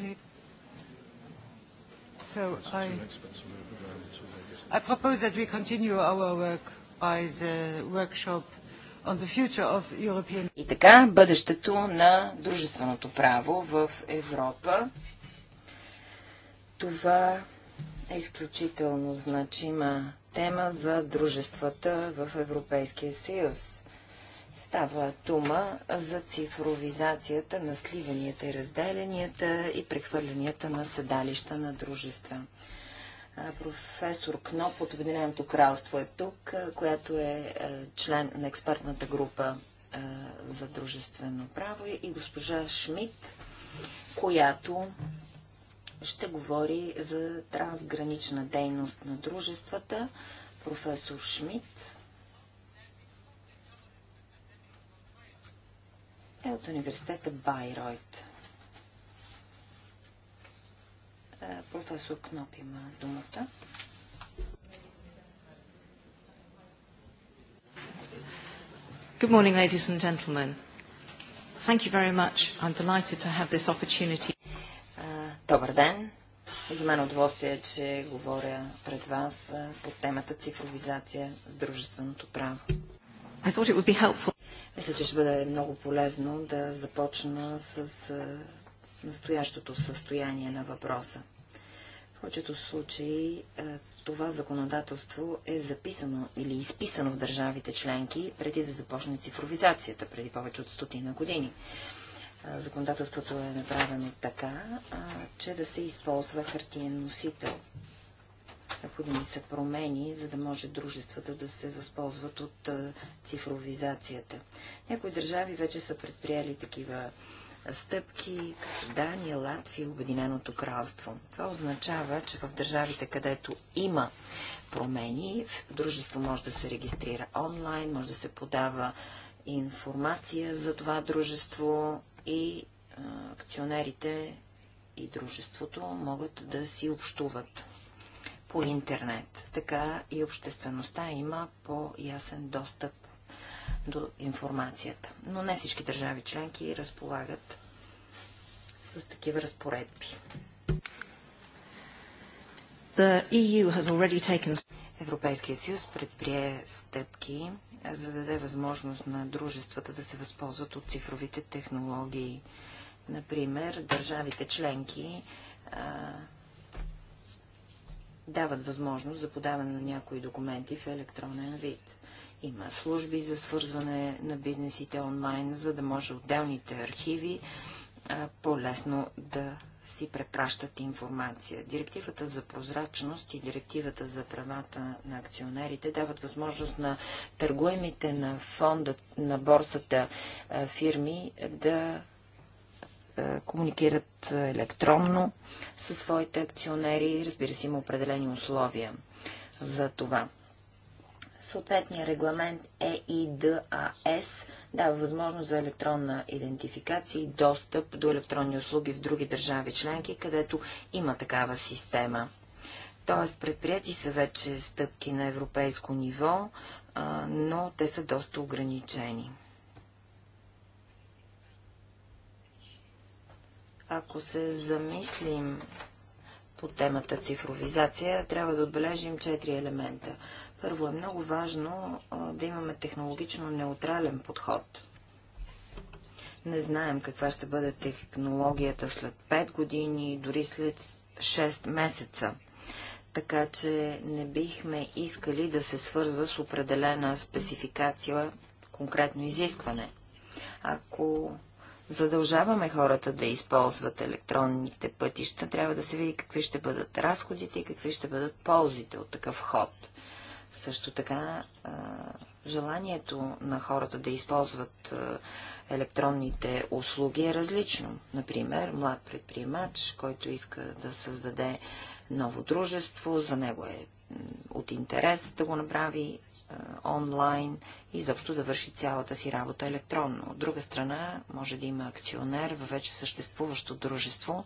Okay. I propose that we continue our work by the workshop on the future of European... И така, бъдещето на дружественото право в Европа. Това е изключително значима тема за дружествата в Европейския съюз. Става дума за цифровизацията на сливанията и разделянията и прехвърлянията на седалища на дружества. Професор Кноп от Обединеното кралство е тук, която е, е член на експертната група за дружествено право и госпожа Шмидт, която ще говори за трансгранична дейност на дружествата. Професор Шмидт е от университета Байройт. Е, професор Кноп има думата. Good morning, ladies and gentlemen. Thank you very much. I'm delighted to have this opportunity. Е, добър ден. За мен е удоволствие е, че говоря пред вас по темата цифровизация в дружественото право. I thought it would be helpful. Мисля, че ще бъде много полезно да започна с настоящото състояние на въпроса. В повечето случаи това законодателство е записано или изписано в държавите членки преди да започне цифровизацията, преди повече от стотина години. Законодателството е направено така, че да се използва хартиен носител Необходими са промени, за да може дружествата да се възползват от цифровизацията. Някои държави вече са предприели такива стъпки като Дания, Латвия Обединеното кралство. Това означава, че в държавите, където има промени, дружество може да се регистрира онлайн, може да се подава информация за това дружество и акционерите и дружеството могат да си общуват по интернет. Така и обществеността има по-ясен достъп до информацията. Но не всички държави членки разполагат с такива разпоредби. E taken... Европейския съюз предприе стъпки, за да даде възможност на дружествата да се възползват от цифровите технологии. Например, държавите членки а, дават възможност за подаване на някои документи в електронен вид. Има служби за свързване на бизнесите онлайн, за да може отделните архиви по-лесно да си препращат информация. Директивата за прозрачност и директивата за правата на акционерите дават възможност на търгуемите на фонда, на борсата фирми да е, комуникират е, електронно със своите акционери. Разбира се, има определени условия за това. Съответният регламент EIDAS дава възможност за електронна идентификация и достъп до електронни услуги в други държави членки, където има такава система. Тоест, предприяти са вече стъпки на европейско ниво, но те са доста ограничени. Ако се замислим по темата цифровизация, трябва да отбележим четири елемента. Първо е много важно да имаме технологично неутрален подход. Не знаем каква ще бъде технологията след 5 години, дори след 6 месеца така че не бихме искали да се свързва с определена спецификация, конкретно изискване. Ако задължаваме хората да използват електронните пътища, трябва да се види какви ще бъдат разходите и какви ще бъдат ползите от такъв ход. Също така, желанието на хората да използват електронните услуги е различно. Например, млад предприемач, който иска да създаде ново дружество, за него е от интерес да го направи онлайн и заобщо да върши цялата си работа електронно. От друга страна, може да има акционер във вече съществуващо дружество,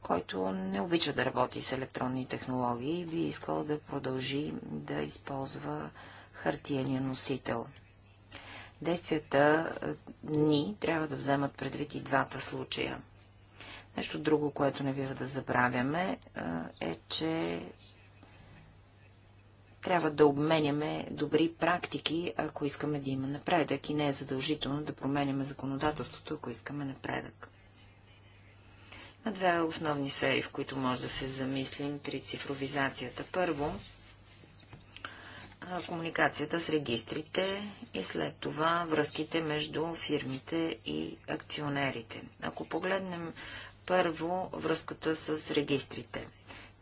който не обича да работи с електронни технологии и би искал да продължи да използва хартияния носител. Действията ни трябва да вземат предвид и двата случая. Нещо друго, което не бива да забравяме, е, че трябва да обменяме добри практики, ако искаме да има напредък и не е задължително да променяме законодателството, ако искаме напредък. На две основни сфери, в които може да се замислим при цифровизацията. Първо, комуникацията с регистрите и след това връзките между фирмите и акционерите. Ако погледнем първо връзката с регистрите.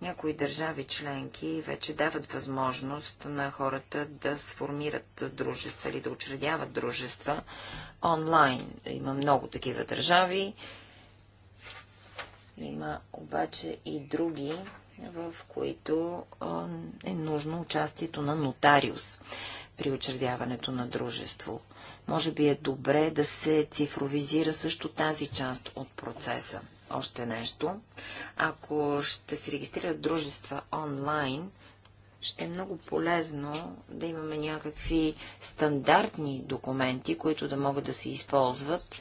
Някои държави членки вече дават възможност на хората да сформират дружества или да учредяват дружества онлайн. Има много такива държави. Има обаче и други, в които е нужно участието на нотариус при учредяването на дружество. Може би е добре да се цифровизира също тази част от процеса още нещо. Ако ще се регистрират дружества онлайн, ще е много полезно да имаме някакви стандартни документи, които да могат да се използват.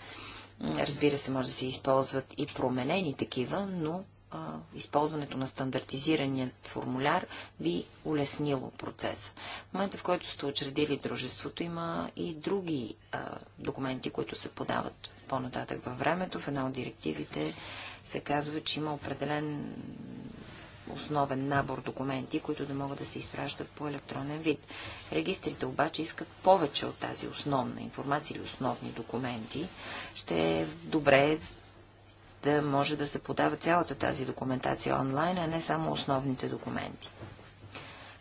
Разбира се, може да се използват и променени такива, но а, използването на стандартизираният формуляр би улеснило процеса. В момента, в който сте учредили дружеството, има и други а, документи, които се подават по-нататък във времето. В една от директивите се казва, че има определен основен набор документи, които да могат да се изпращат по електронен вид. Регистрите обаче искат повече от тази основна информация или основни документи. Ще е добре да може да се подава цялата тази документация онлайн, а не само основните документи.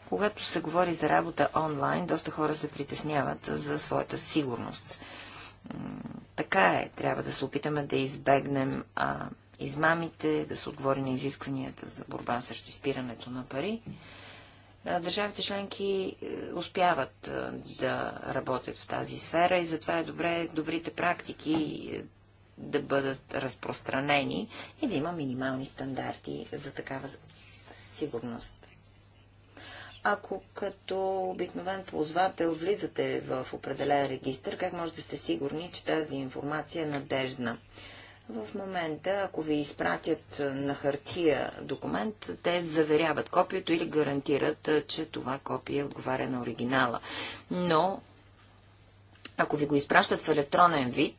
Когато се говори за работа онлайн, доста хора се притесняват за своята сигурност. Така е, трябва да се опитаме да избегнем а, измамите, да се отговори на изискванията за борба срещу изпирането на пари. Държавите членки е, успяват е, да работят в тази сфера и затова е добре добрите практики е, да бъдат разпространени и да има минимални стандарти за такава сигурност. Ако като обикновен ползвател влизате в определен регистр, как може да сте сигурни, че тази информация е надежна? В момента, ако ви изпратят на хартия документ, те заверяват копието или гарантират, че това копие е отговаря на оригинала. Но ако ви го изпращат в електронен вид,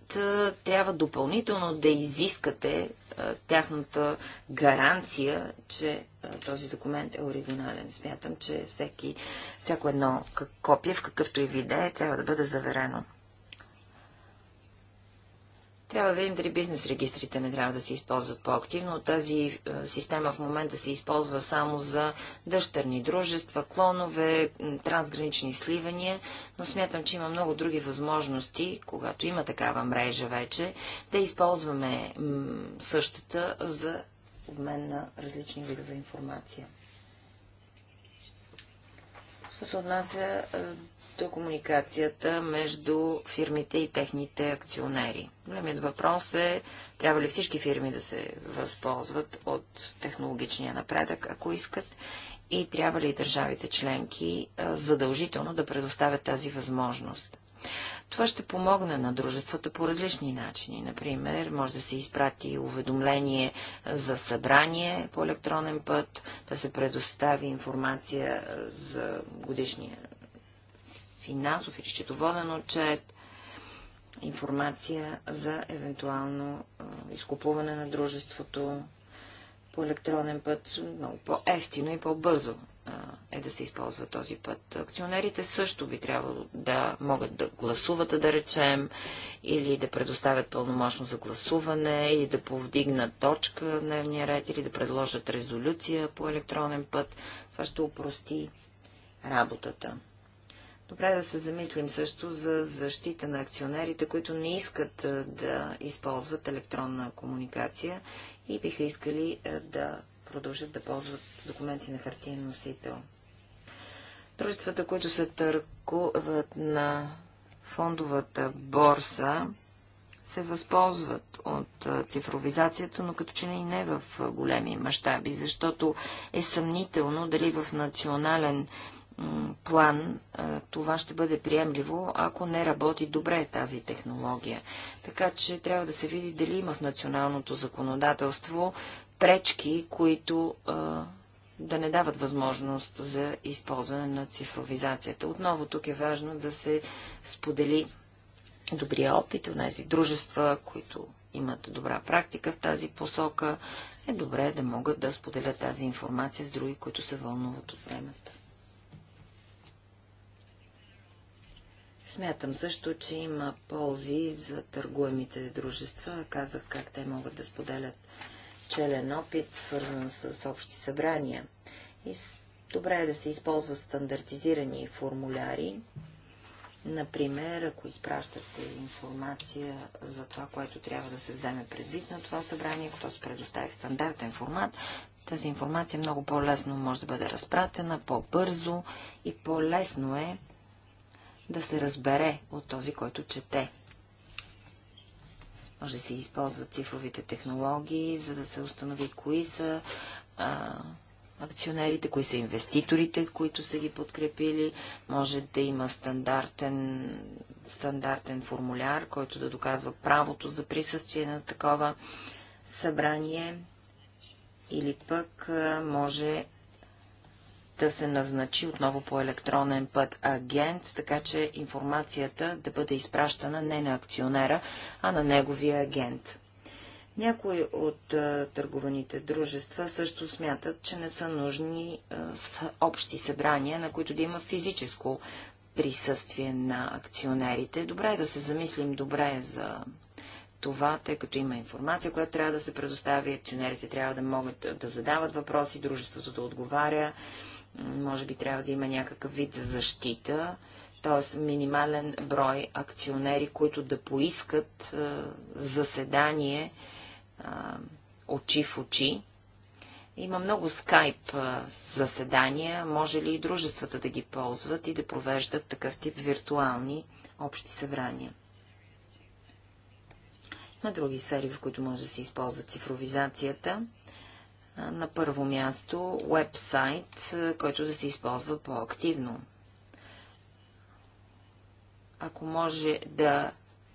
трябва допълнително да изискате тяхната гаранция, че този документ е оригинален. Смятам, че всеки, всяко едно копие, в какъвто и вид е, трябва да бъде заверено. Трябва да видим дали бизнес регистрите не трябва да се използват по-активно. Тази е, система в момента се използва само за дъщерни дружества, клонове, трансгранични сливания, но смятам, че има много други възможности, когато има такава мрежа вече, да използваме същата за обмен на различни видове информация. Що се отнася е, до комуникацията между фирмите и техните акционери. Големият въпрос е, трябва ли всички фирми да се възползват от технологичния напредък, ако искат, и трябва ли държавите членки задължително да предоставят тази възможност. Това ще помогне на дружествата по различни начини. Например, може да се изпрати уведомление за събрание по електронен път, да се предостави информация за годишния финансов или счетоводен отчет, информация за евентуално изкупуване на дружеството по електронен път, много по-ефтино и по-бързо е да се използва този път. Акционерите също би трябвало да могат да гласуват, да речем, или да предоставят пълномощно за гласуване, или да повдигнат точка в дневния ред, или да предложат резолюция по електронен път. Това ще упрости работата. Добре да се замислим също за защита на акционерите, които не искат да използват електронна комуникация и биха искали да продължат да ползват документи на хартиен носител. Дружествата, които се търгуват на фондовата борса, се възползват от цифровизацията, но като че и не в големи мащаби, защото е съмнително дали в национален план това ще бъде приемливо, ако не работи добре тази технология. Така че трябва да се види дали има в националното законодателство пречки, които да не дават възможност за използване на цифровизацията. Отново тук е важно да се сподели добрия опит от тези дружества, които имат добра практика в тази посока. Е добре да могат да споделят тази информация с други, които се вълнуват от темата. Смятам също, че има ползи за търгуемите дружества. Казах как те могат да споделят челен опит, свързан с общи събрания. И добре е да се използват стандартизирани формуляри. Например, ако изпращате информация за това, което трябва да се вземе предвид на това събрание, като се предостави в стандартен формат, тази информация много по-лесно може да бъде разпратена, по-бързо и по-лесно е да се разбере от този, който чете. Може да се използват цифровите технологии, за да се установи кои са а, акционерите, кои са инвеститорите, които са ги подкрепили. Може да има стандартен, стандартен формуляр, който да доказва правото за присъствие на такова събрание. Или пък а, може да се назначи отново по електронен път агент, така че информацията да бъде изпращана не на акционера, а на неговия агент. Някои от а, търгованите дружества също смятат, че не са нужни а, общи събрания, на които да има физическо присъствие на акционерите. Добре е да се замислим добре за това, тъй като има информация, която трябва да се предостави, акционерите трябва да могат да задават въпроси, дружеството да отговаря може би трябва да има някакъв вид защита, т.е. минимален брой акционери, които да поискат заседание очи в очи. Има много скайп заседания, може ли и дружествата да ги ползват и да провеждат такъв тип виртуални общи събрания. Има други сфери, в които може да се използва цифровизацията. На първо място, уебсайт, който да се използва по-активно. Ако може да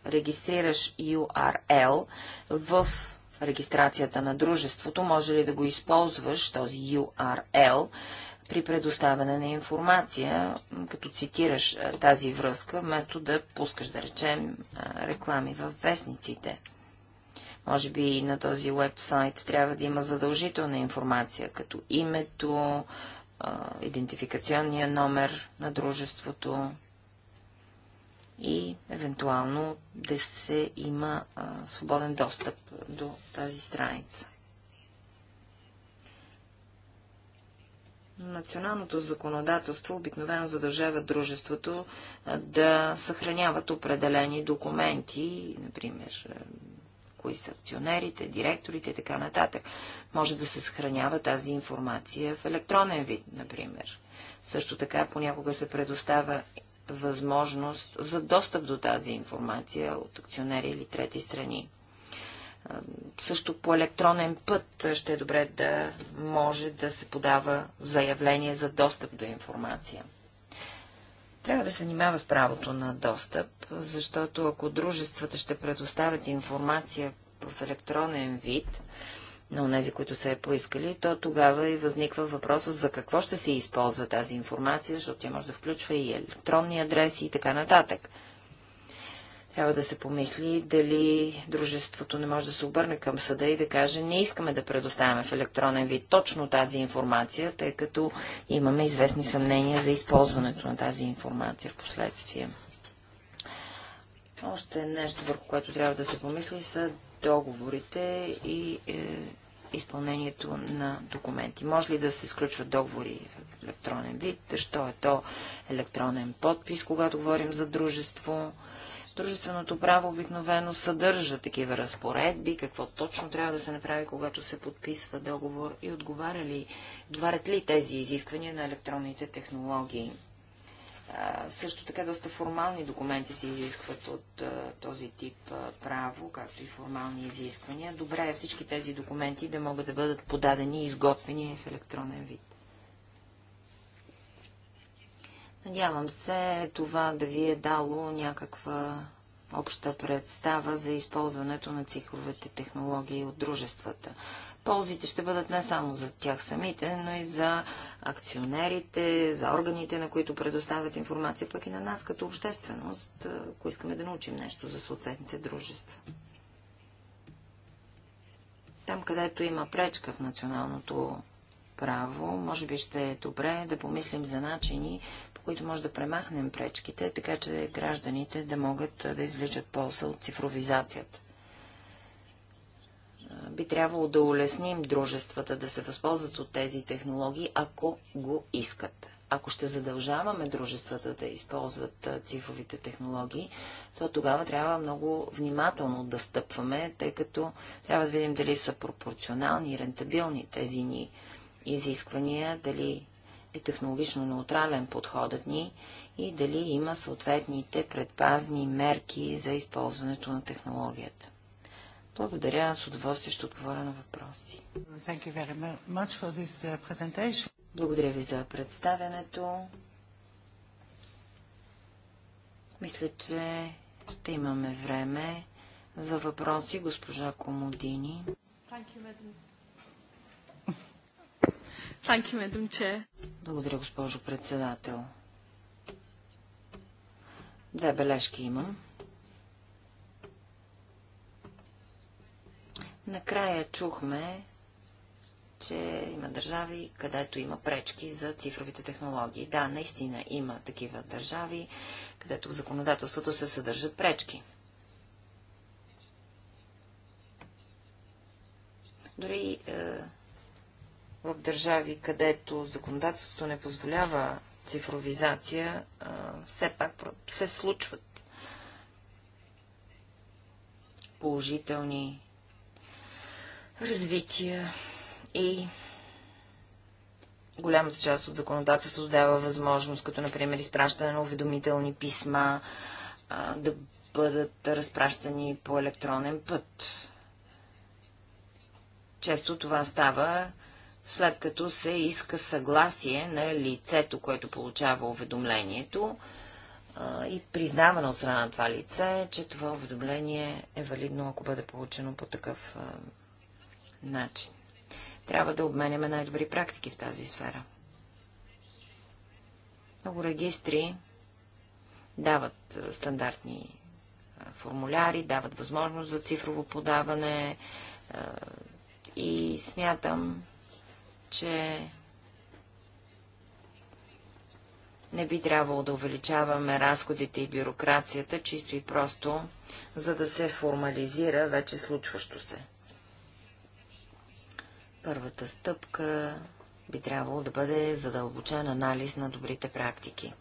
регистрираш URL в регистрацията на дружеството, може ли да го използваш, този URL, при предоставяне на информация, като цитираш тази връзка, вместо да пускаш, да речем, реклами в вестниците. Може би на този вебсайт трябва да има задължителна информация, като името, идентификационния номер на дружеството и евентуално да се има свободен достъп до тази страница. Националното законодателство обикновено задължава дружеството да съхраняват определени документи, например кои са акционерите, директорите и така нататък. Може да се съхранява тази информация в електронен вид, например. Също така понякога се предоставя възможност за достъп до тази информация от акционери или трети страни. Също по електронен път ще е добре да може да се подава заявление за достъп до информация трябва да се занимава с правото на достъп, защото ако дружествата ще предоставят информация в електронен вид на тези, които са я е поискали, то тогава и възниква въпроса за какво ще се използва тази информация, защото тя може да включва и електронни адреси и така нататък. Трябва да се помисли дали дружеството не може да се обърне към съда и да каже, не искаме да предоставяме в електронен вид точно тази информация, тъй като имаме известни съмнения за използването на тази информация в последствие. Още нещо, върху което трябва да се помисли, са договорите и е, изпълнението на документи. Може ли да се изключват договори в електронен вид? Що е то електронен подпис, когато говорим за дружество? Дружественото право обикновено съдържа такива разпоредби, какво точно трябва да се направи, когато се подписва договор и отговаря ли, отговарят ли тези изисквания на електронните технологии. А, също така доста формални документи се изискват от а, този тип а, право, както и формални изисквания. Добре е всички тези документи да могат да бъдат подадени и изготвени в електронен вид. Надявам се това да ви е дало някаква обща представа за използването на цифровите технологии от дружествата. Ползите ще бъдат не само за тях самите, но и за акционерите, за органите, на които предоставят информация, пък и на нас като общественост, ако искаме да научим нещо за съответните дружества. Там, където има пречка в националното право, може би ще е добре да помислим за начини, които може да премахнем пречките, така че гражданите да могат да извличат полза от цифровизацията. Би трябвало да улесним дружествата да се възползват от тези технологии, ако го искат. Ако ще задължаваме дружествата да използват цифровите технологии, то тогава трябва много внимателно да стъпваме, тъй като трябва да видим дали са пропорционални и рентабилни тези ни изисквания, дали е технологично неутрален подходът ни и дали има съответните предпазни мерки за използването на технологията. Благодаря, с удоволствие ще отговоря на въпроси. Uh, Благодаря ви за представянето. Мисля, че ще имаме време за въпроси, госпожа Комодини. Thank you, You, Благодаря, госпожо председател. Две бележки имам. Накрая чухме, че има държави, където има пречки за цифровите технологии. Да, наистина има такива държави, където в законодателството се съдържат пречки. Дори е, в държави, където законодателството не позволява цифровизация, все пак се случват положителни развития и голямата част от законодателството дава възможност, като например изпращане на уведомителни писма, да бъдат разпращани по електронен път. Често това става след като се иска съгласие на лицето, което получава уведомлението и признаване от страна на това лице, че това уведомление е валидно, ако бъде получено по такъв начин. Трябва да обменяме най-добри практики в тази сфера. Много регистри дават стандартни формуляри, дават възможност за цифрово подаване и смятам, че не би трябвало да увеличаваме разходите и бюрокрацията, чисто и просто, за да се формализира вече случващо се. Първата стъпка би трябвало да бъде задълбочен анализ на добрите практики.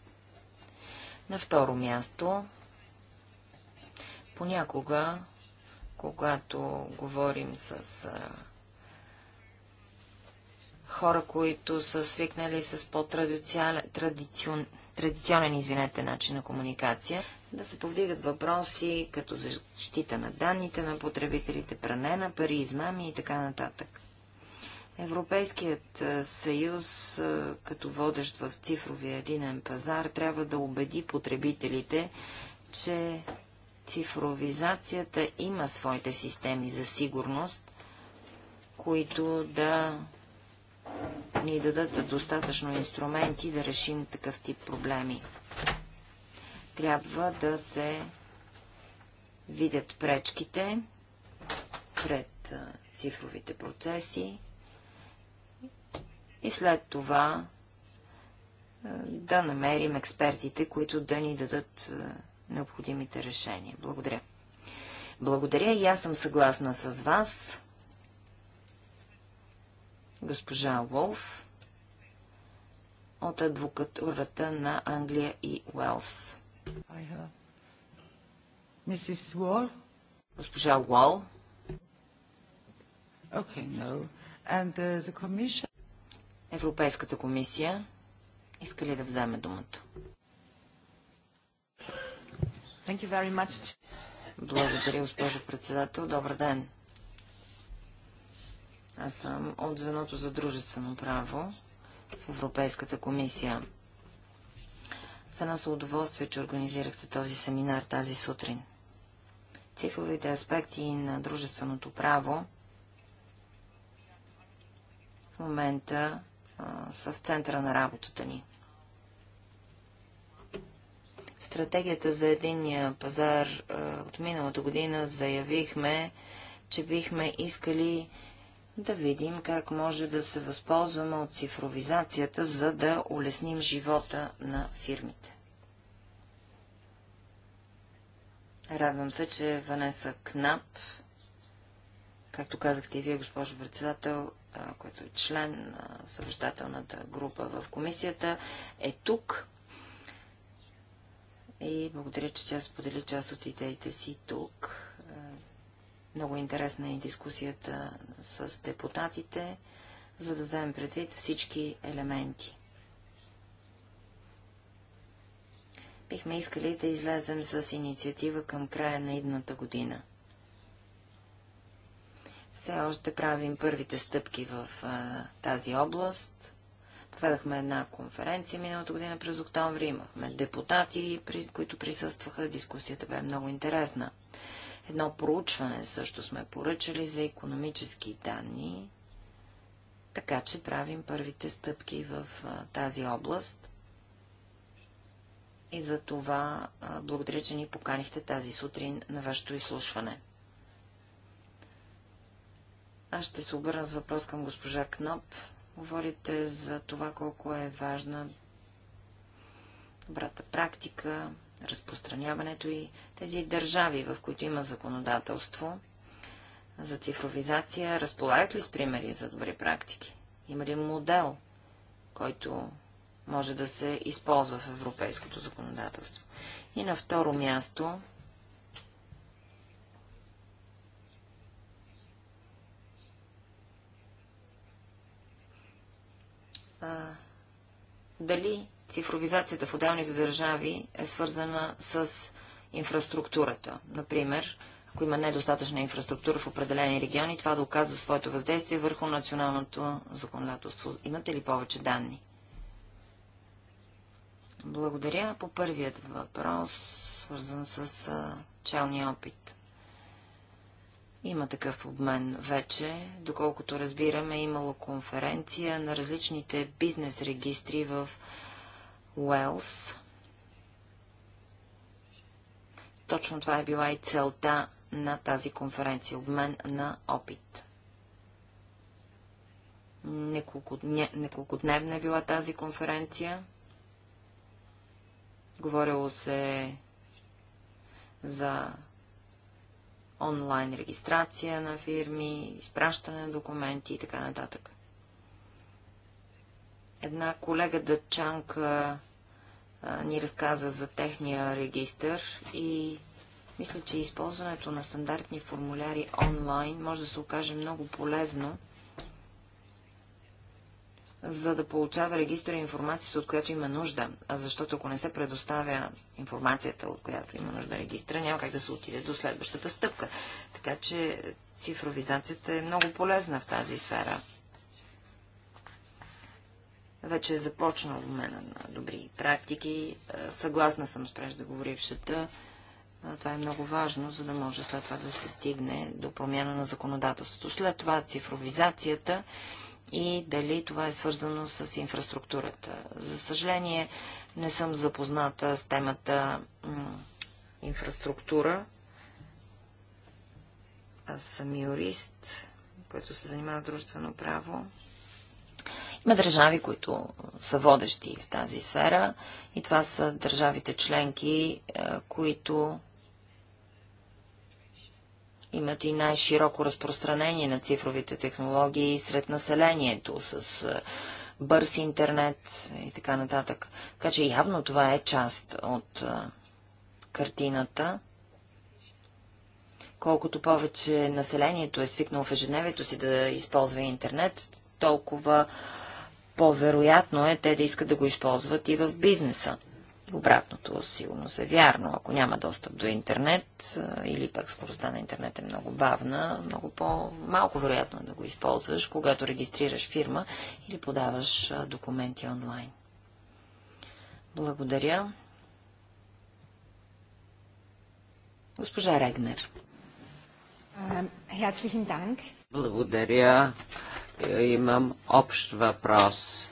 На второ място, понякога, когато говорим с хора, които са свикнали с по-традиционен извинете, начин на комуникация, да се повдигат въпроси като защита на данните на потребителите, пране на пари, измами и така нататък. Европейският съюз, като водещ в цифровия единен пазар, трябва да убеди потребителите, че цифровизацията има своите системи за сигурност, които да ни дадат достатъчно инструменти да решим такъв тип проблеми. Трябва да се видят пречките пред цифровите процеси и след това да намерим експертите, които да ни дадат необходимите решения. Благодаря. Благодаря и аз съм съгласна с вас госпожа Уолф от адвокатурата на Англия и Уелс. Мисис Уол? Госпожа Уол. And, uh, the commission... Европейската комисия иска ли да вземе думата? Thank you very much. Благодаря, госпожо председател. Добър ден. Аз съм от звеното за дружествено право в Европейската комисия. За нас е удоволствие, че организирахте този семинар тази сутрин. Цифровите аспекти на дружественото право в момента а, са в центъра на работата ни. В стратегията за единния пазар а, от миналата година заявихме, че бихме искали да видим как може да се възползваме от цифровизацията, за да улесним живота на фирмите. Радвам се, че Ванеса Кнап, както казахте и вие, госпожо председател, който е член на съвещателната група в комисията, е тук. И благодаря, че тя сподели част от идеите си тук. Много интересна е дискусията с депутатите, за да вземем предвид всички елементи. Бихме искали да излезем с инициатива към края на идната година. Все още правим първите стъпки в а, тази област. Проведахме една конференция миналата година през октомври. Имахме депутати, при, които присъстваха. Дискусията бе много интересна. Едно проучване също сме поръчали за економически данни, така че правим първите стъпки в тази област. И за това благодаря, че ни поканихте тази сутрин на вашето изслушване. Аз ще се обърна с въпрос към госпожа Кноп. Говорите за това колко е важна добрата практика, разпространяването и тези държави, в които има законодателство за цифровизация, разполагат ли с примери за добри практики? Има ли модел, който може да се използва в европейското законодателство? И на второ място дали Цифровизацията в отделните държави е свързана с инфраструктурата. Например, ако има недостатъчна инфраструктура в определени региони, това да оказва своето въздействие върху националното законодателство. Имате ли повече данни? Благодаря. По първият въпрос, свързан с челния опит. Има такъв обмен вече. Доколкото разбираме, имало конференция на различните бизнес регистри в Уелс. Точно това е била и целта на тази конференция – обмен на опит. Неколкодневна е била тази конференция. Говорило се за онлайн регистрация на фирми, изпращане на документи и така нататък. Една колега дъчанка ни разказа за техния регистър и мисля, че използването на стандартни формуляри онлайн може да се окаже много полезно, за да получава и информацията, от която има нужда. А защото ако не се предоставя информацията, от която има нужда регистра, няма как да се отиде до следващата стъпка. Така че цифровизацията е много полезна в тази сфера. Вече е започнал мен на добри практики. Е, съгласна съм с преждеговорившата. Е, това е много важно, за да може след това да се стигне до промяна на законодателството. След това цифровизацията и дали това е свързано с инфраструктурата. За съжаление, не съм запозната с темата инфраструктура. Аз съм юрист, който се занимава с дружествено право. Има държави, които са водещи в тази сфера и това са държавите членки, е, които имат и най-широко разпространение на цифровите технологии сред населението с е, бърз интернет и така нататък. Така че явно това е част от е, картината. Колкото повече населението е свикнало в ежедневието си да използва интернет, толкова по-вероятно е те да искат да го използват и в бизнеса. Обратното сигурно се вярно. Ако няма достъп до интернет или пък скоростта на интернет е много бавна, много по-малко вероятно е да го използваш, когато регистрираш фирма или подаваш документи онлайн. Благодаря. Госпожа Регнер. Благодаря имам общ въпрос.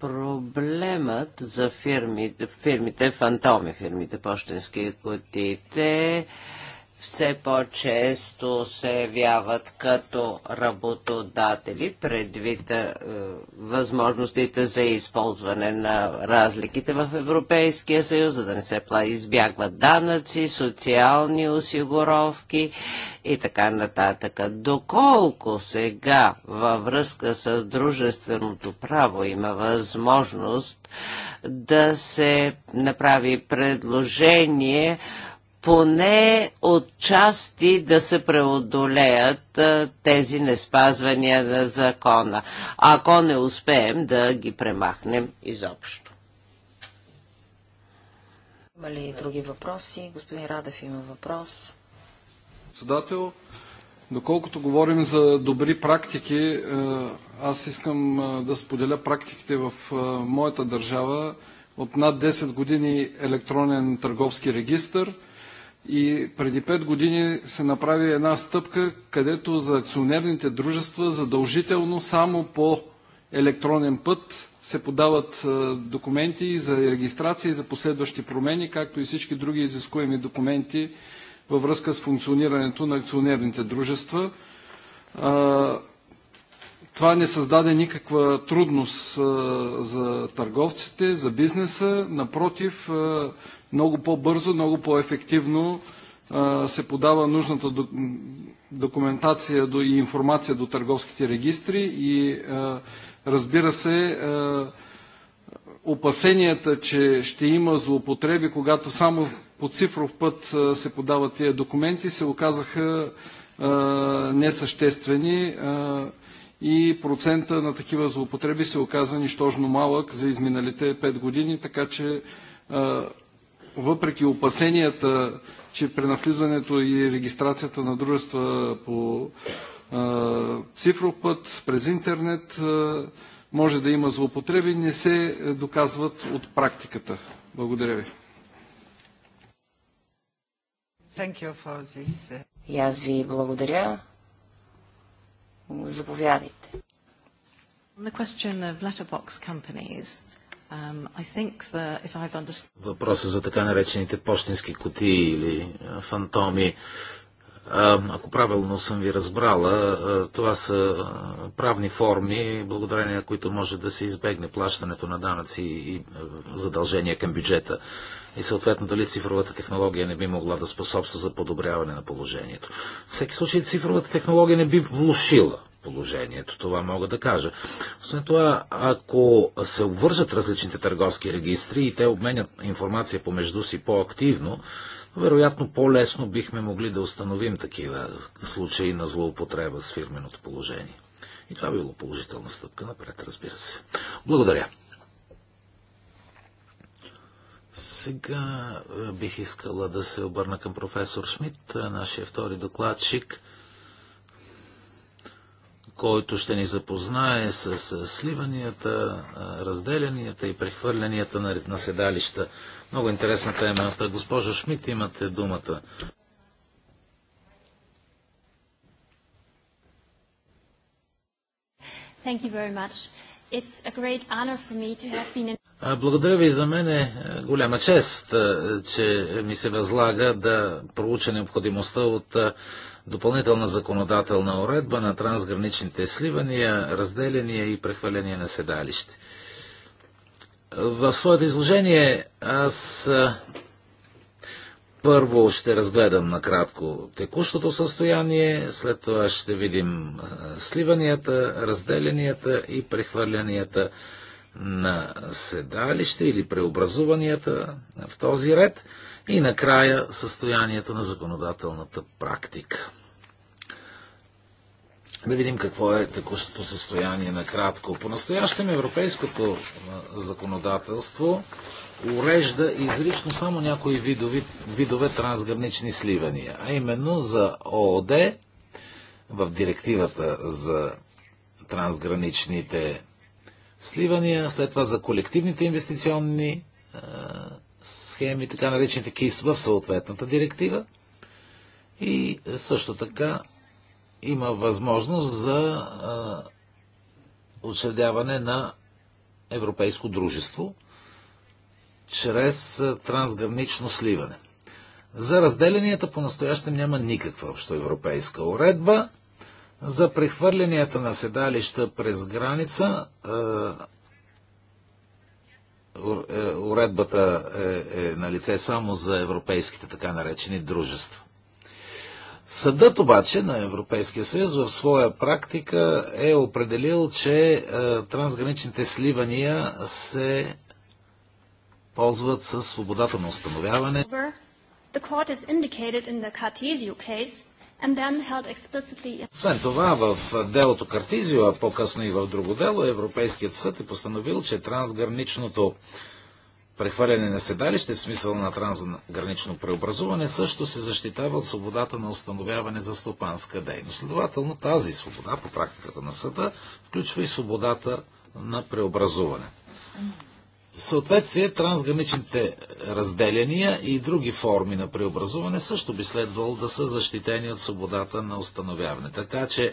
Проблемът за фирмите, фирмите фантоми, фирмите почтенски кутите, все по-често се явяват като работодатели предвид е, възможностите за използване на разликите в Европейския съюз, за да не се избягват данъци, социални осигуровки и така нататък. Доколко сега във връзка с дружественото право има възможност да се направи предложение, поне от части да се преодолеят тези неспазвания на закона, ако не успеем да ги премахнем изобщо. Има ли други въпроси? Господин Радев има въпрос. Председател, доколкото говорим за добри практики, е, аз искам е, да споделя практиките в е, моята държава от над 10 години електронен търговски регистр – и преди 5 години се направи една стъпка, където за акционерните дружества задължително само по електронен път се подават документи за регистрация и за последващи промени, както и всички други изискуеми документи във връзка с функционирането на акционерните дружества. Това не създаде никаква трудност за търговците, за бизнеса. Напротив, много по-бързо, много по-ефективно се подава нужната документация и информация до търговските регистри и разбира се, опасенията, че ще има злоупотреби, когато само по цифров път се подават тия документи, се оказаха несъществени и процента на такива злоупотреби се оказа нищожно малък за изминалите 5 години, така че въпреки опасенията, че при навлизането и регистрацията на дружества по цифров път, през интернет, може да има злоупотреби, не се доказват от практиката. Благодаря ви. Uh, и аз ви благодаря Заповядайте. Um, Въпросът за така наречените почтенски кутии или фантоми. Ако правилно съм ви разбрала, това са правни форми, благодарение на които може да се избегне плащането на данъци и задължения към бюджета. И съответно дали цифровата технология не би могла да способства за подобряване на положението. В всеки случай цифровата технология не би влушила положението. Това мога да кажа. Освен това, ако се обвържат различните търговски регистри и те обменят информация помежду си по-активно, вероятно по-лесно бихме могли да установим такива случаи на злоупотреба с фирменото положение. И това би било положителна стъпка напред, разбира се. Благодаря. Сега е, бих искала да се обърна към професор Шмидт, е, нашия втори докладчик – който ще ни запознае с сливанията, разделянията и прехвърлянията на, седалища. Много интересна темата. Госпожо Шмидт, имате думата. Thank you very much. It's a great honor for me to have been in... Благодаря ви за мен е, е голяма чест, е, че ми се възлага да проуча необходимостта от е, допълнителна законодателна уредба на трансграничните сливания, разделения и прехваления на седалище. В своето изложение аз първо ще разгледам накратко текущото състояние, след това ще видим сливанията, разделенията и прехвърлянията на седалище или преобразуванията в този ред – и накрая състоянието на законодателната практика. Да видим какво е текущото състояние на кратко. По настоящем европейското законодателство урежда изрично само някои видови, видове трансгранични сливания, а именно за ООД в директивата за трансграничните сливания, след това за колективните инвестиционни е, схеми, така наречените КИС в съответната директива. И също така има възможност за учредяване на европейско дружество чрез трансгранично сливане. За разделенията по-настоящем няма никаква общоевропейска уредба. За прехвърлянията на седалища през граница е, уредбата е, е на лице само за европейските така наречени дружества. Съдът обаче на Европейския съюз в своя практика е определил, че е, трансграничните сливания се ползват със свободата на установяване. The court has indicated in the Cartesio case освен това, в делото Картизио, а по-късно и в друго дело, Европейският съд е постановил, че трансграничното прехвърляне на седалище в смисъл на трансгранично преобразуване също се защитава от свободата на установяване за стопанска дейност. Следователно тази свобода по практиката на съда включва и свободата на преобразуване съответствие, трансграничните разделяния и други форми на преобразуване също би следвало да са защитени от свободата на установяване. Така че е,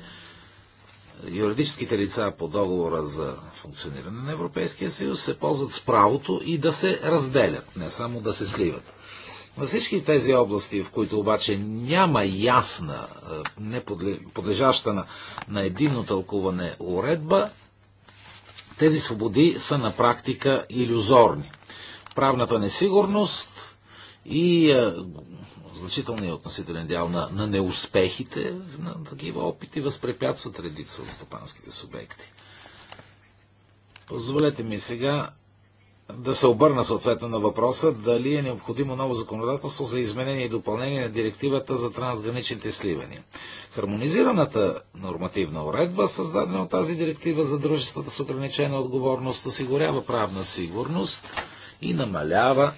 юридическите лица по договора за функциониране на Европейския съюз се ползват с правото и да се разделят, не само да се сливат. Във всички тези области, в които обаче няма ясна, е, не подлежаща на, на единно тълкуване уредба, тези свободи са на практика иллюзорни. Правната несигурност и е, значителният относителен дял на, на неуспехите на такива опити възпрепятстват редица от стопанските субекти. Позволете ми сега да се обърна съответно на въпроса дали е необходимо ново законодателство за изменение и допълнение на директивата за трансграничните сливания. Хармонизираната нормативна уредба, създадена от тази директива за дружествата с ограничена отговорност, осигурява правна сигурност и намалява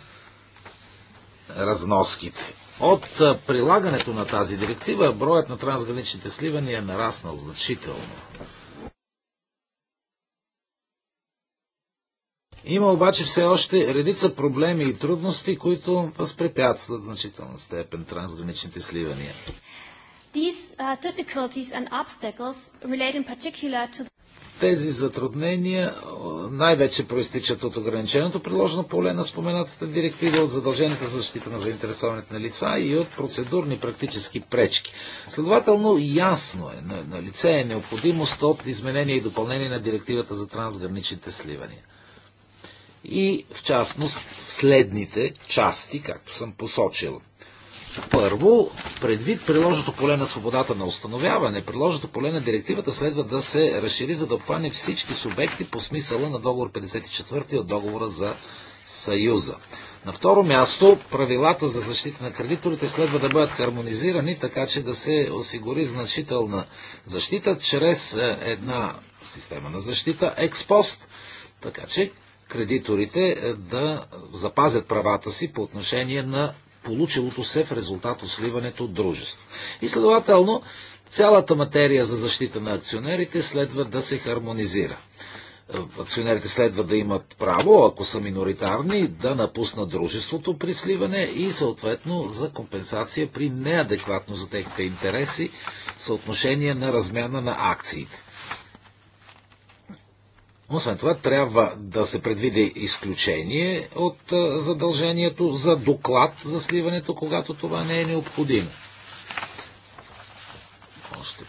разноските. От прилагането на тази директива броят на трансграничните сливания е нараснал значително. Има обаче все още редица проблеми и трудности, които възпрепятстват значителна степен трансграничните сливания. These uh, difficulties and obstacles relate in particular to тези затруднения най-вече проистичат от ограниченото приложено поле на споменатата директива, от задълженията за защита на заинтересованите на лица и от процедурни практически пречки. Следователно, ясно е, на, на лице е необходимост от изменение и допълнение на директивата за трансграничните сливания и в частност следните части, както съм посочил. Първо, предвид приложното поле на свободата на установяване, приложното поле на директивата следва да се разшири, за да обхване всички субекти по смисъла на договор 54 от договора за Съюза. На второ място, правилата за защита на кредиторите следва да бъдат хармонизирани, така че да се осигури значителна защита чрез е, една система на защита експост, така че кредиторите е, да запазят правата си по отношение на получилото се в резултат от сливането дружество. И следователно, цялата материя за защита на акционерите следва да се хармонизира. Е, акционерите следва да имат право, ако са миноритарни, да напуснат дружеството при сливане и съответно за компенсация при неадекватно за техните интереси съотношение на размяна на акциите. Освен това, трябва да се предвиди изключение от задължението за доклад за сливането, когато това не е необходимо. Още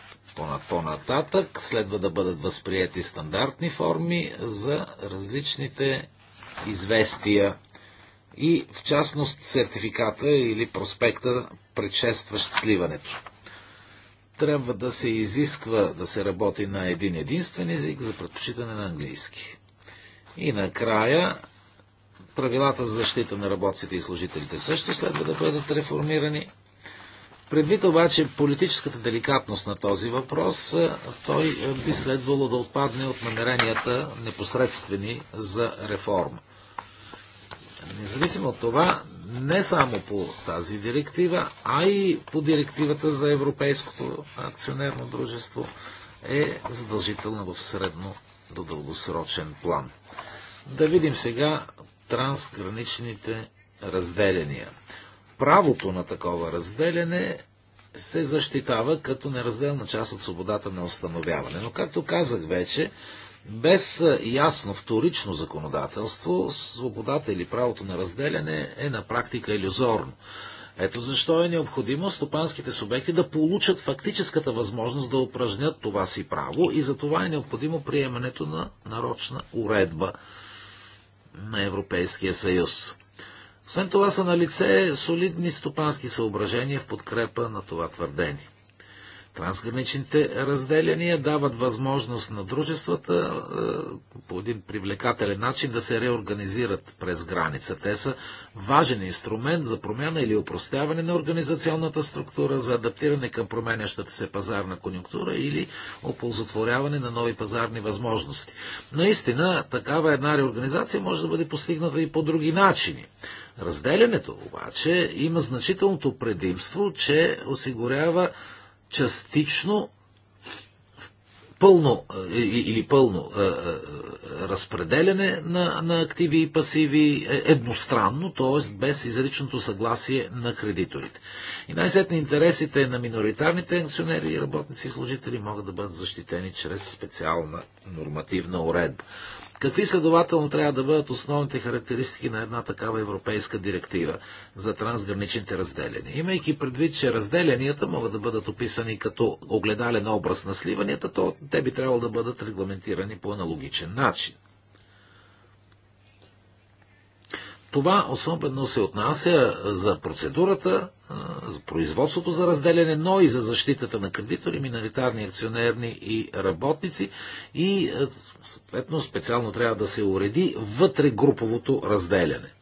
по-нататък следва да бъдат възприяти стандартни форми за различните известия и в частност сертификата или проспекта, предшестващ сливането трябва да се изисква да се работи на един единствен език за предпочитане на английски. И накрая, правилата за защита на работците и служителите също следва да бъдат реформирани. Предвид обаче политическата деликатност на този въпрос, е, той е, би следвало да отпадне от намеренията непосредствени за реформа. Независимо от това, не само по тази директива, а и по директивата за Европейското акционерно дружество е задължителна в средно до дългосрочен план. Да видим сега трансграничните разделения. Правото на такова разделяне се защитава като неразделна част от свободата на установяване. Но както казах вече, без ясно вторично законодателство, свободата или правото на разделяне е на практика иллюзорно. Ето защо е необходимо стопанските субекти да получат фактическата възможност да упражнят това си право и за това е необходимо приемането на нарочна уредба на Европейския съюз. Освен това са на лице солидни стопански съображения в подкрепа на това твърдение. Трансграничните разделяния дават възможност на дружествата е, по един привлекателен начин да се реорганизират през граница. Те са важен инструмент за промяна или упростяване на организационната структура, за адаптиране към променящата се пазарна конюнктура или оползотворяване на нови пазарни възможности. Наистина, такава една реорганизация може да бъде постигната и по други начини. Разделянето обаче има значителното предимство, че осигурява частично пълно е, е, или пълно е, разпределяне на, на активи и пасиви едностранно, т.е. без изричното съгласие на кредиторите. И най-сетне интересите на миноритарните акционери и работници и служители могат да бъдат защитени чрез специална нормативна уредба. Какви следователно трябва да бъдат основните характеристики на една такава европейска директива за трансграничните разделения? Имайки предвид, че разделенията могат да бъдат описани като огледален образ на сливанията, то те би трябвало да бъдат регламентирани по аналогичен начин. Това особено се отнася за процедурата, за производството за разделяне, но и за защитата на кредитори, миноритарни акционерни и работници. И съответно специално трябва да се уреди вътре груповото разделяне.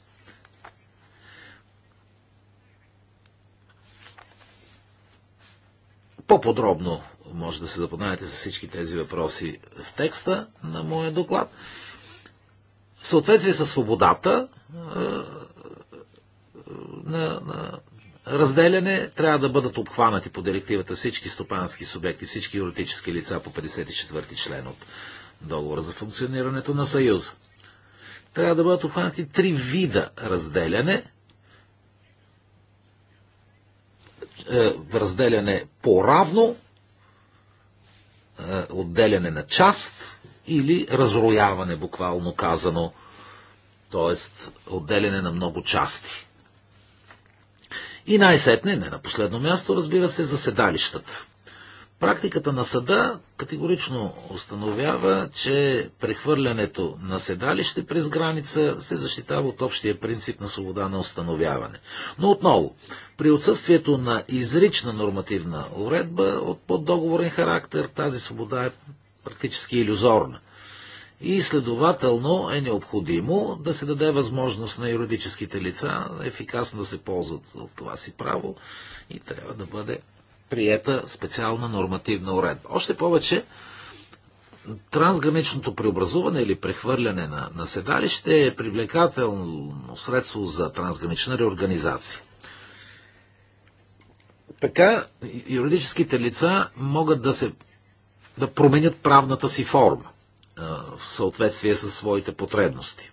По-подробно може да се запознаете с всички тези въпроси в текста на моя доклад в съответствие с свободата на, на разделяне трябва да бъдат обхванати по директивата всички стопански субекти, всички юридически лица по 54 ти член от договора за функционирането на Съюза. Трябва да бъдат обхванати три вида разделяне. Е, разделяне по-равно, е, отделяне на част или разрояване, буквално казано, т.е. отделяне на много части. И най-сетне, не на последно място, разбира се, за седалищата. Практиката на съда категорично установява, че прехвърлянето на седалище през граница се защитава от общия принцип на свобода на установяване. Но отново, при отсъствието на изрична нормативна уредба от поддоговорен характер, тази свобода е практически иллюзорна. И следователно е необходимо да се даде възможност на юридическите лица ефикасно да се ползват от това си право и трябва да бъде приета специална нормативна уредба. Още повече, трансграничното преобразуване или прехвърляне на, на седалище е привлекателно средство за трансгранична реорганизация. Така юридическите лица могат да се да променят правната си форма в съответствие със своите потребности.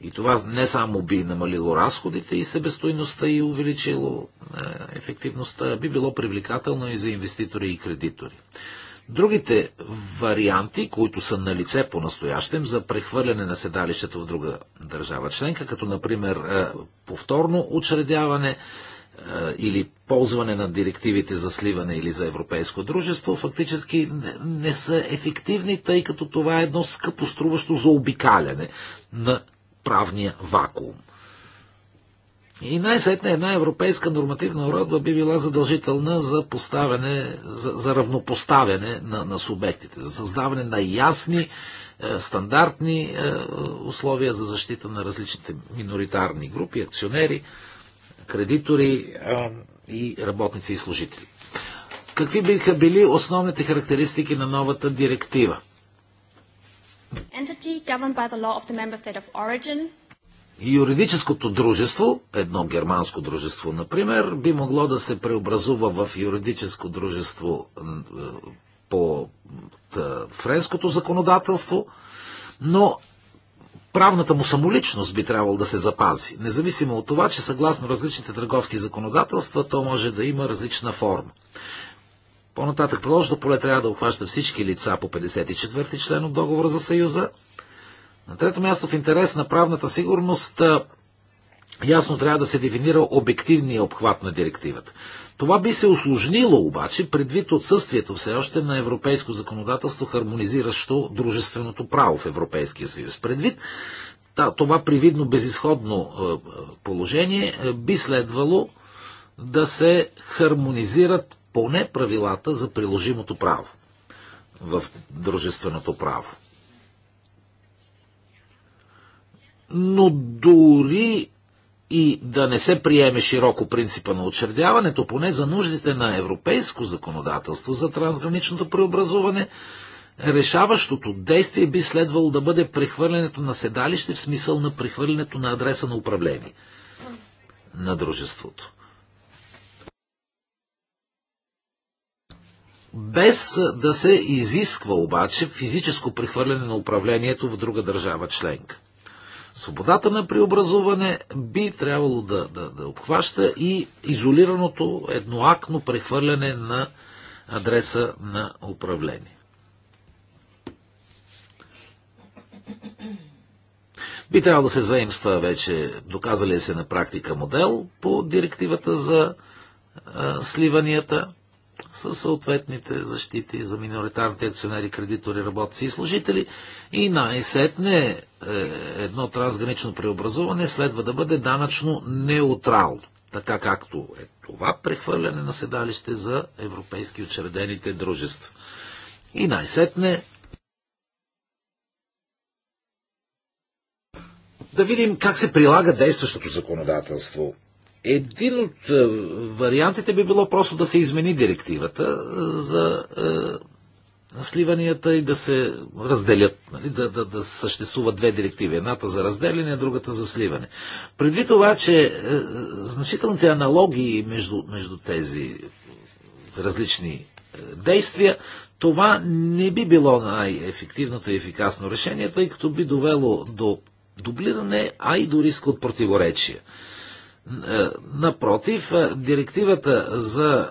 И това не само би намалило разходите и себестойността и увеличило ефективността, би било привлекателно и за инвеститори и кредитори. Другите варианти, които са на лице по-настоящем за прехвърляне на седалището в друга държава членка, като например повторно учредяване, или ползване на директивите за сливане или за европейско дружество фактически не, не са ефективни, тъй като това е едно скъпоструващо заобикаляне на правния вакуум. И най-сетне една европейска нормативна уредба би била задължителна за поставяне, за, за равнопоставяне на, на субектите, за създаване на ясни е, стандартни е, условия за защита на различните миноритарни групи, акционери, кредитори и работници и служители. Какви биха били основните характеристики на новата директива? Юридическото дружество, едно германско дружество, например, би могло да се преобразува в юридическо дружество е, по е, френското законодателство, но правната му самоличност би трябвало да се запази, независимо от това, че съгласно различните търговски законодателства то може да има различна форма. По-нататък приложното поле трябва да обхваща всички лица по 54 ти член от договора за Съюза. На трето място в интерес на правната сигурност ясно трябва да се дефинира обективния обхват на директивата. Това би се осложнило обаче предвид отсъствието все още на европейско законодателство, хармонизиращо дружественото право в Европейския съюз. Предвид това привидно безисходно е, е, положение е, би следвало да се хармонизират поне правилата за приложимото право в дружественото право. Но дори и да не се приеме широко принципа на учредяването, поне за нуждите на европейско законодателство за трансграничното преобразуване, решаващото действие би следвало да бъде прехвърлянето на седалище в смисъл на прехвърлянето на адреса на управление на дружеството. без да се изисква обаче физическо прехвърляне на управлението в друга държава членка. Свободата на преобразуване би трябвало да, да, да обхваща и изолираното едноакно прехвърляне на адреса на управление. Би трябвало да се заимства вече доказали се на практика модел по директивата за а, сливанията – със съответните защити за миноритарните акционери, кредитори, работци и служители. И най-сетне е, едно трансгранично преобразуване следва да бъде данъчно неутрално, така както е това прехвърляне на седалище за европейски учредените дружества. И най-сетне да видим как се прилага действащото законодателство един от е, вариантите би било просто да се измени директивата е, за е, сливанията и да се разделят, нали? да, да, да съществуват две директиви. Едната за разделяне, другата за сливане. Предвид това, че е, значителните аналогии между, между тези различни е, действия, това не би било най-ефективното и ефикасно решение, тъй като би довело до дублиране, а и до риск от противоречия. Е, напротив, е, директивата за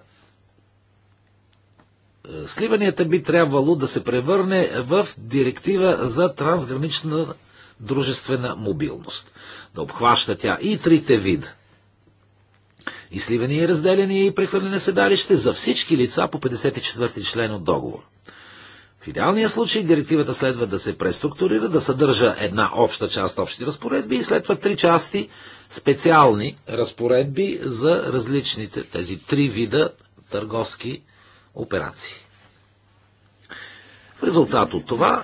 е, сливанията би трябвало да се превърне в директива за трансгранична дружествена мобилност. Да обхваща тя и трите вида. И сливане и разделение, и прехвърляне седалище за всички лица по 54 член от договора. В идеалния случай директивата следва да се преструктурира, да съдържа една обща част общи разпоредби и след това три части специални разпоредби за различните тези три вида търговски операции. В резултат от това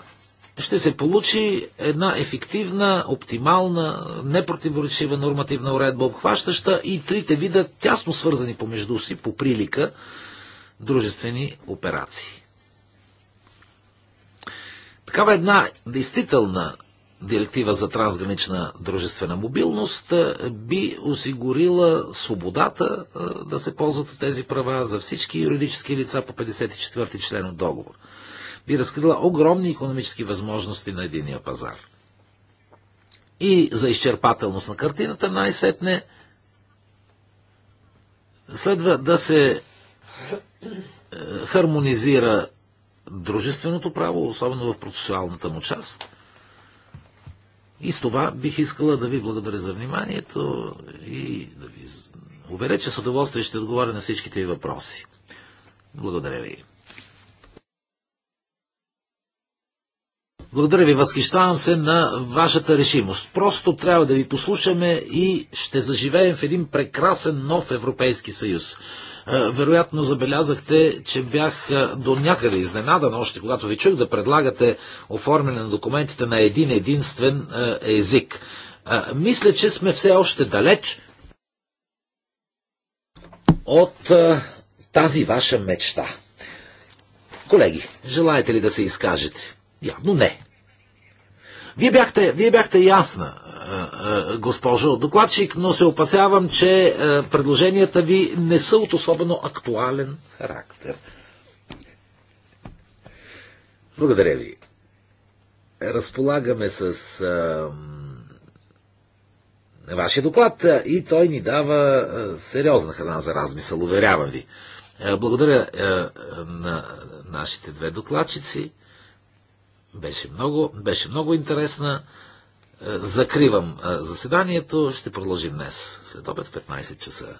ще се получи една ефективна, оптимална, непротиворечива нормативна уредба, обхващаща и трите вида тясно свързани помежду си по прилика дружествени операции. Такава една действителна директива за трансгранична дружествена мобилност би осигурила свободата да се ползват от тези права за всички юридически лица по 54 ти член от договор. Би разкрила огромни економически възможности на единия пазар. И за изчерпателност на картината най-сетне следва да се е, хармонизира дружественото право, особено в процесуалната му част. И с това бих искала да ви благодаря за вниманието и да ви уверя, че с удоволствие ще отговоря на всичките ви въпроси. Благодаря ви. Благодаря ви, възхищавам се на вашата решимост. Просто трябва да ви послушаме и ще заживеем в един прекрасен нов Европейски съюз. Е, вероятно забелязахте, че бях е, до някъде изненадан, още когато ви чух да предлагате оформяне на документите на един единствен е, език. Мисля, че сме все още далеч от тази ваша мечта. Колеги, желаете ли да се изкажете? Явно не. Вие бяхте, вие бяхте ясна, госпожо докладчик, но се опасявам, че предложенията ви не са от особено актуален характер. Благодаря ви. Разполагаме с а, вашия доклад и той ни дава сериозна храна за размисъл, уверявам ви. Благодаря а, на нашите две докладчици. Беше много, беше много интересна. Е, закривам е, заседанието. Ще продължим днес, след обед в 15 часа.